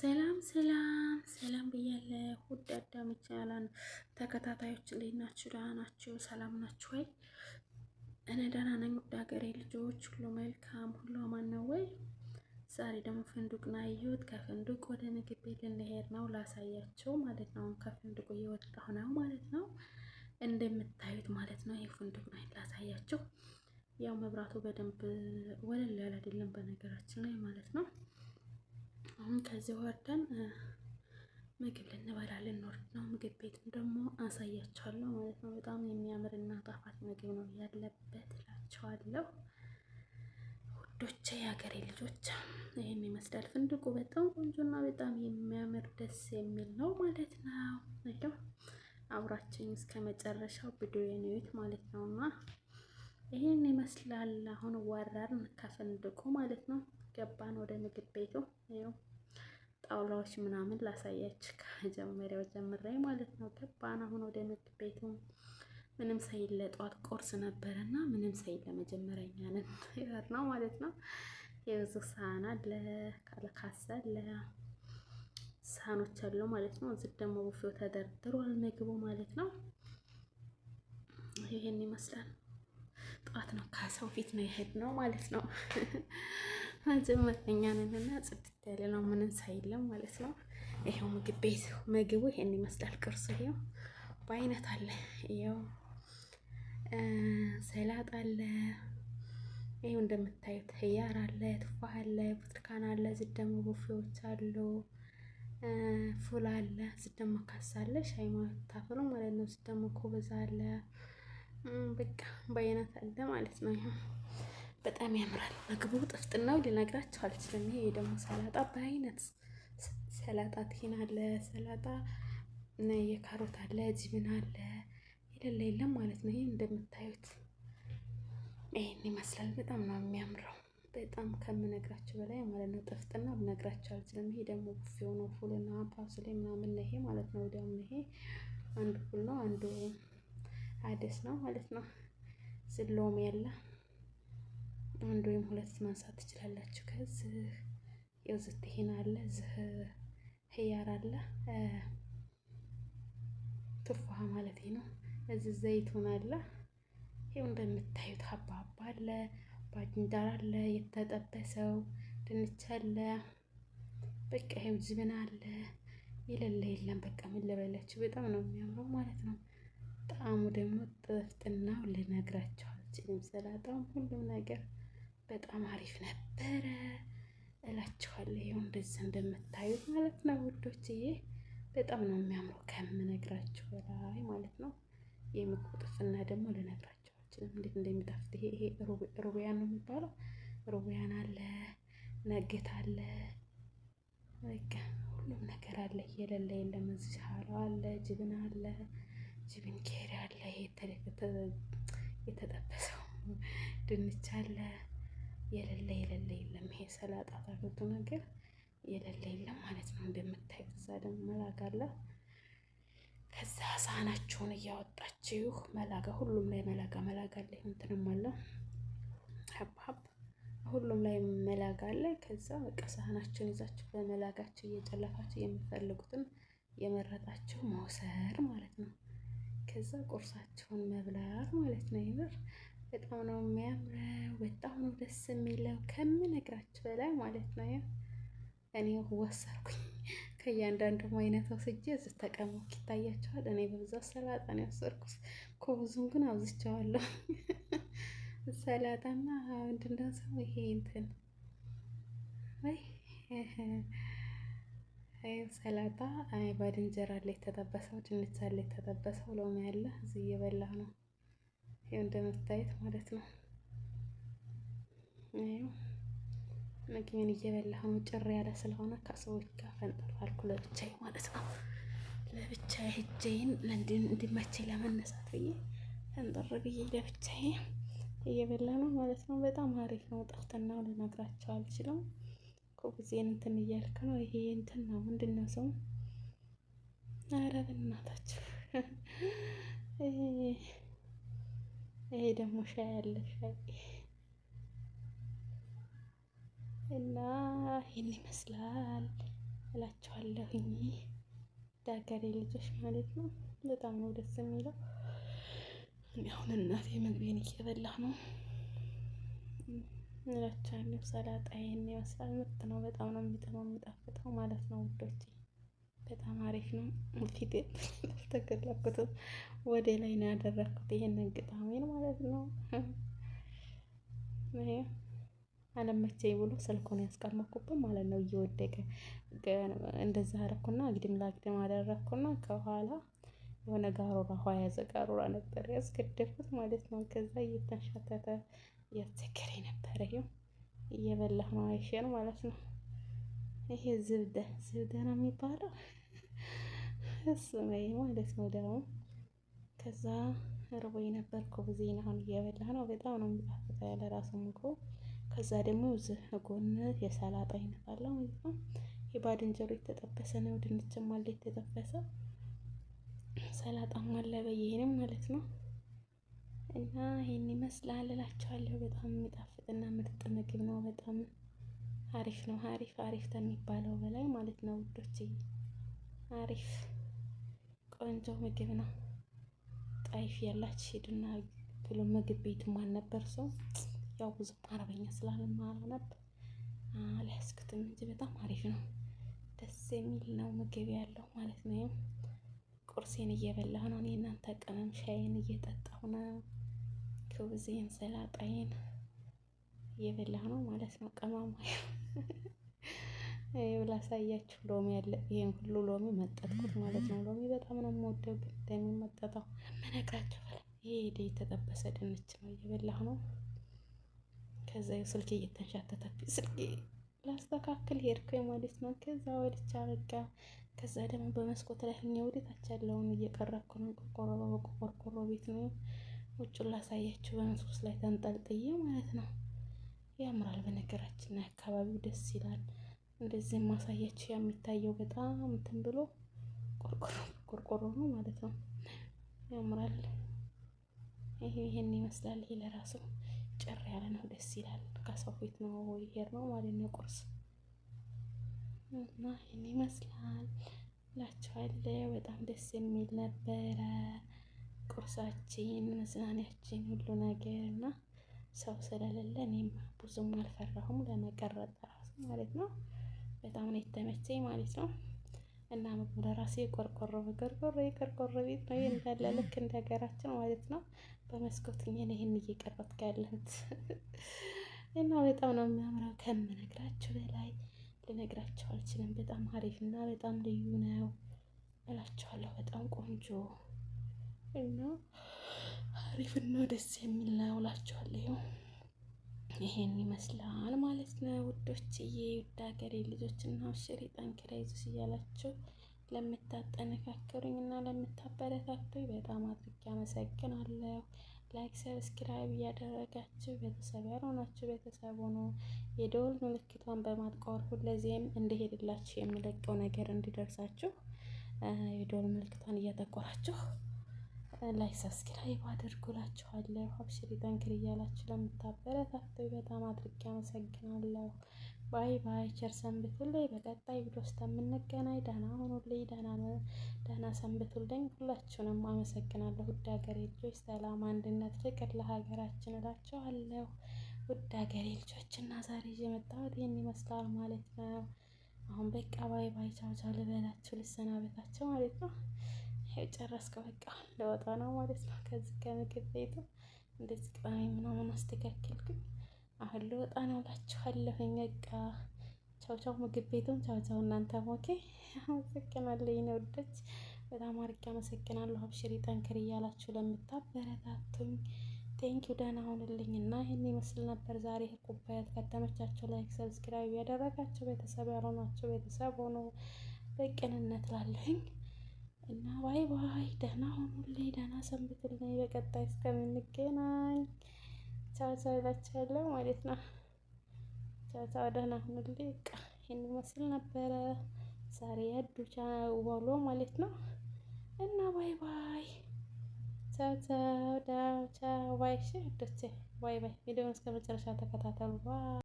ሰላም ሰላም ሰላም ብያለሁ። ሁድ አዳም ይቻላል ተከታታዮች እንዴት ናችሁ? ደህና ናችሁ? ሰላም ናችሁ ወይ? እኔ ደህና ነኝ። ውድ ሀገሬ ልጆች ሁሉ መልካም ሁሉ አማን ነው ወይ? ዛሬ ደግሞ ፍንዱቅን አየሁት። ከፍንዱቅ ወደ ምግብ ቤት ልንሄድ ነው ላሳያቸው ማለት ነው። ከፍንዱቁ እየወጣሁ ነው ማለት ነው። እንደምታዩት ማለት ነው። ይህ ፍንዱቅ ነው ላሳያቸው። ያው መብራቱ በደንብ ወለል ያለ አይደለም በነገራችን ላይ ማለት ነው። አሁን ከዚህ ወርደን ምግብ ልንበላ ልንወርድ ነው። ምግብ ቤትም ደግሞ አሳያቸዋለሁ ማለት ነው። በጣም የሚያምር እና ጣፋጭ ምግብ ነው ያለበት እላችኋለሁ ውዶቼ፣ የሀገሬ ልጆች ይህን ይመስላል። ፍንድቁ በጣም ቆንጆና በጣም የሚያምር ደስ የሚል ነው ማለት ነው። እንደው አብራችን እስከ መጨረሻው ቪዲዮን ማለት ነው እና ይህን ይመስላል። አሁን ወረርን ከፍንድቁ ማለት ነው። ገባን ወደ ምግብ ቤቱ ጣውላዎች ምናምን ላሳያች ከመጀመሪያው ጀምሬ ማለት ነው። ገባን አሁን ወደ ንግድ ቤቱ ምንም ሳይል ለጠዋት ቁርስ ነበረ እና ምንም ሳይል ለመጀመሪያ እኛ ነን ነው ማለት ነው። የብዙ ሳህን አለ ካለካስ አለ ሳህኖች አሉ ማለት ነው። እዚህ ደግሞ ቡፌው ተደርድሯል ምግቡ ማለት ነው። ይሄን ይመስላል። ጠዋት ነው ከሰው ፊት ነው የሄድ ነው ማለት ነው። አዘመተኛ ነንና ጽድት ያለ ነው፣ ምንም ሳይለም ማለት ነው። ይሄው ምግብ ቤት ምግቡ ይሄን ይመስላል። ቅርሱ ይሄው በአይነት አለ። ይሄው ሰላጥ አለ። ይሄው እንደምታዩት ህያር አለ፣ ትፋህ አለ፣ ብርቱካን አለ። ዝደም ቡፌዎች አሉ፣ ፉል አለ፣ ዝደም ካሳ አለ። ሻይ ማታፈሉ ማለት ነው። ዝደም ኮበዛ አለ። በቃ በአይነት አለ ማለት ነው። ይሄው በጣም ያምራል ምግቡ። ጥፍጥናው ልነግራችሁ አልችልም። ይሄ ደግሞ ሰላጣ በአይነት ሰላጣ ቲን አለ፣ ሰላጣ የካሮት አለ፣ ጅብን አለ፣ የሌለ የለም ማለት ነው። ይህ እንደምታዩት ይህን ይመስላል። በጣም ነው የሚያምረው። በጣም ከምነግራችሁ በላይ ማለት ነው። ጥፍጥና ልነግራችሁ አልችልም። ይሄ ደግሞ ቡፌ ሆኖ ፉልና ፓስሌ ምናምን ነው ይሄ ማለት ነው። ደግሞ ይሄ አንዱ ፉል ነው፣ አንዱ አደስ ነው ማለት ነው። ስሎም ያለ አንድ ወይም ሁለት ማንሳት ትችላላችሁ። ከዚህ ያው ዝትሄን አለ ዝህ ህያር አለ ቱፋሃ ማለት ነው። እዚህ ዘይቱን አለ ይኸው እንደምታዩት ሀባባ አለ ባጅንዳር አለ የተጠበሰው ድንች አለ በቃ ይኸው ጅብና አለ የሌለ የለም። በቃ ምን ልበላችሁ በጣም ነው የሚያምረው ማለት ነው። ጣዕሙ ደግሞ ጥፍጥናው ልነግራቸው አልችልም። ሰላጣውም ሁሉም ነገር በጣም አሪፍ ነበረ እላችኋለሁ። እንደዚህ እንደምታዩት ማለት ነው ውዶችዬ፣ በጣም ነው የሚያምረው ከምነግራችሁ በላይ ማለት ነው። የምግቡ ጥፍና ደግሞ ልነግራችሁ አልችልም እንዴት እንደሚጣፍጥ። ይሄ ይሄ ሩቢያን ነው የሚባለው። ሩቢያን አለ፣ ነገት አለ፣ በቃ ሁሉም ነገር አለ። የሌለ የለም። ዝሃራ አለ፣ ጅብን አለ፣ ጅብን ኬሪ አለ፣ የተጠበሰው ድንች አለ የሌለ የሌለ የለም። ይሄ ሰላጣ አታክልቱ ነገር የሌለ የለም ማለት ነው። እንደምታይ እዛ ደግሞ መላጋ አለ። ከዛ ሳህናችሁን እያወጣችሁ መላጋ፣ ሁሉም ላይ መላጋ መላጋ አለ። እንትንም አለ ሀብሀብ ሁሉም ላይ መላጋ አለ። ከዛ በቃ ሳህናችሁን ይዛችሁ በመላጋችሁ እየጨለፋችሁ የምትፈልጉትን የመረጣችሁ መውሰድ ማለት ነው። ከዛ ቁርሳችሁን መብላት ማለት ነው። ይምር በጣም ነው የሚያምረው። በጣም ነው ደስ የሚለው ከምነግራችሁ በላይ ማለት ነው። እኔ ወሰርኩኝ ከእያንዳንዱ አይነት ወስጄ እዚህ ተቀምኩ ይታያቸዋል። እኔ በብዛት ሰላጣ ነው ያሰርኩት። ኮብዙን ግን አብዝቸዋለሁ። ሰላጣና ምንድን ሰው ይሄ እንትን ወይ ሰላጣ ባድንጀራ ላይ የተጠበሰው ድንች ላይ የተጠበሰው ሎሚ ያለ እዚህ እየበላ ነው ይኸው እንደምታዩት ማለት ነው። ምግብን እየበላሁ ነው። ጭር ያለ ስለሆነ ከሰዎች ጋር ፈንጠፋልኩ ለብቻዬ ማለት ነው። ለብቻዬ ሂጄን እንዲመቼ ለመነሳት ብዬ ፈንጠር ብዬ ለብቻዬ እየበላ ነው ማለት ነው። በጣም አሪፍ ነው። ጠፍተና ልነግራቸው አልችልም እኮ እንትን እያልክ ነው። ይሄ እንትን ነው ምንድን ነው ሰው አረብ በእናታችሁ ይሄ ደግሞ ሻይ አለ ሻይ እና ይህን ይመስላል እላችኋለሁኝ። ዳገሬ ልጆች ማለት ነው። በጣም ነው ደስ የሚለው። አሁን እናቴ ምግቤን እየበላ ነው እላችኋለሁ። ሰላጣ ይህን ይመስላል። ምርጥ ነው። በጣም ነው የሚጥመው የሚጣፍጠው ማለት ነው ውዶች አሪፍ ነው። ፊት ያልተገላኩት ወደ ላይ ነው ያደረኩት ይሄንን ግጣሜን ማለት ነው። አለመቼኝ ብሎ ስልኩን ያስቀመኩብን ማለት ነው። እየወደቀ እንደዛ አረኩና አግድም ላግድም አደረኩና ከኋላ የሆነ ጋሮራ ውሃ ያዘ ጋሮራ ነበር ያስገደፉት ማለት ነው። ከዛ እየተንሻተተ እያስቸገረ ነበረ። ይኸው እየበላሁ ነው አይሸን ማለት ነው። ይሄ ዝብደ ዝብደ ነው የሚባለው። ቀስ በይ ማለት ነው ደግሞ ከዛ ርቦኝ ነበር ዜና አሁን እየበላ ነው። በጣም ነው የሚጣፍጠው ያለ ራሱ ምግቡ። ከዛ ደግሞ እዚህ ጎን የሰላጣ አይነት አለ ማለት ነው። የባድንጀሮ የተጠበሰ ነው፣ ድንችም አለ የተጠበሰ ሰላጣም አለ በየሄንም ማለት ነው። እና ይህን ይመስላል እላቸዋለሁ። በጣም የሚጣፍጥና ምርጥ ምግብ ነው። በጣም አሪፍ ነው። አሪፍ አሪፍ ከሚባለው በላይ ማለት ነው ውዶች፣ አሪፍ ቆንጆ ምግብ ነው። ጣይፍ ያላችሁ ሂዱና ብሎ ምግብ ቤት ማን ነበር ሰው ያው ብዙ አረበኛ ስላልማረው ነበር አልያዝኩትም እንጂ በጣም አሪፍ ነው። ደስ የሚል ነው ምግብ ያለው ማለት ነው። ቁርሴን እየበላሁ ነው። እኔ እናንተ ቅመም ሻይን እየጠጣሁ ነው። ክብዜን ሰላጣይን እየበላሁ ነው ማለት ነው። ቅመማ ላሳያችሁ። ሎሚ አለ። ይሄን ሁሉ ሎሚ መጠጥኩት ማለት ነው። ሎሚ በጣም ነው የምወደው፣ ግን መጠጣው መነግራችሁ ይሄ የተጠበሰ ድንች ነው እየበላሁ ነው። ከዛ ስልኬ እየተንሻተተብኝ ስልኬ ላስተካክል ሄድኩኝ ማለት ነው። ከዛ ወድቻ በቃ ከዛ ደግሞ በመስኮት ላይ ሆኜ ወደታች ያለውን እየቀረኩ ነው። ቆርቆሮ በቆቆርቆሮ ቤት ነው። ውጭን ላሳያችሁ በመስኮት ላይ ተንጠልጥዬ ማለት ነው። ያምራል። በነገራችን አካባቢው ደስ ይላል። እንደዚህ ማሳያች የሚታየው በጣም እንትን ብሎ ቆርቆሮ ነው ማለት ነው። ያምራል። ይሄ ይሄን ይመስላል። ይሄ ለራሱ ጭር ያለ ነው፣ ደስ ይላል። ከሰው ፊት ነው ይሄር ነው ማለት ነው ቁርስ እና ይሄን ይመስላል እላችኋለሁ። በጣም ደስ የሚል ነበረ ቁርሳችን፣ መዝናኛችን፣ ሁሉ ነገር እና ሰው ስለሌለ እኔም ብዙም አልፈራሁም ለመቀረጥ ራሱ ማለት ነው። በጣም ነው የተመቸኝ ማለት ነው። እና ምግብ ለራሴ ቆርቆሮ ቆርቆሮ የቆርቆሮ ቤት ነው እንዳለ ልክ እንደ ሀገራችን ማለት ነው። በመስኮት እኔ ይህን እየቀረጥኩ ያለሁት እና በጣም ነው የሚያምረው ከምነግራችሁ በላይ ልነግራችሁ አልችልም። በጣም አሪፍ እና በጣም ልዩ ነው እላችኋለሁ። በጣም ቆንጆ እና አሪፍ ነው ደስ የሚል ነው እላችኋለሁ። ይሄን ይመስላል ማለት ነው ውዶችዬ። ውድ ሀገሬ ልጆች እና አብሽሪ ጠንክራ ይዞሽ እያላችሁ ለምታጠነካከሩኝ እና ለምታበረታቱኝ በጣም አድርጌ አመሰግናለሁ። ላይክ ሰብስክራይብ እያደረጋችሁ ቤተሰብ ያልሆናችሁ ቤተሰብ ሆኖ የደወል ምልክቷን በማጥቆር ሁለዚህም እንደሄድላችሁ የምለቀው ነገር እንዲደርሳችሁ የደወል ምልክቷን እያጠቆራችሁ ላይ ሰብስክራይብ አድርጉላችኋለሁ። አብሽሪ ጠንክር እያላችሁ ለምታበረታቱኝ በጣም አድርጌ አመሰግናለሁ። ባይ ባይ። ቸር ሰንብቱልኝ። በቀጣይ ቪዲዮ እስከምንገናኝ ደህና ሁኑልኝ። ደህና ደህና ሰንብቱልኝ። ሁላችሁንም አመሰግናለሁ። ውድ ሀገሬ ልጆች ሰላም፣ አንድነት፣ ፍቅር ለሀገራችን እላችኋለሁ። ውድ ሀገሬ ልጆች እና ዛሬ ይዤ የመጣሁት ይህን ይመስላል ማለት ነው። አሁን በቃ ባይ ባይ፣ ቻው ቻው ልበላችሁ፣ ልሰናበታቸው ማለት ነው። ጨረስከው። በቃ ለወጣ ነው ማለት ነው። ከዚህ ከምግብ ቤቱ እንደዚህ ቅባሜ ምናምን አስተካከልኩኝ። አሁን ለወጣ ነው እላችኋለሁኝ። በቃ ቻው ቻው፣ ምግብ ቤቱም ቻው ቻው። እናንተም ኦኬ። አመሰግናለሁ የኔ ውዶች፣ በጣም አድርጌ አመሰግናለሁ። አብሽሪ ጠንክር እያላችሁ ለምታበረታቱኝ ቴንኪው። ደህና ሁኑልኝ እና ይህን ይመስል ነበር ዛሬ ኩባያት። ከተመቻቸው ላይክ፣ ሰብስክራይብ ያደረጋችሁ ቤተሰብ ያልሆናችሁ ቤተሰብ ሆኖ በቅንነት ላለኝ እና ባይ ባይ፣ ደህና ሁኑልኝ፣ ደህና ሰንብቱልኝ። በቀጣይ እስከምንገናኝ ቻው ቻው እላችኋለሁ ማለት ነው። ቻው ቻው፣ ደህና ሆኑልኝ። በቃ ይህን ይመስል ነበረ ዛሬ ያዱ ዋሎ ማለት ነው። እና ባይ ባይ፣ ቻው ቻው፣ ዳ ቻው፣ ባይ ሽ ዶቼ፣ ባይ ባይ። ቪዲዮውን እስከ መጨረሻ ተከታተሉ። ባይ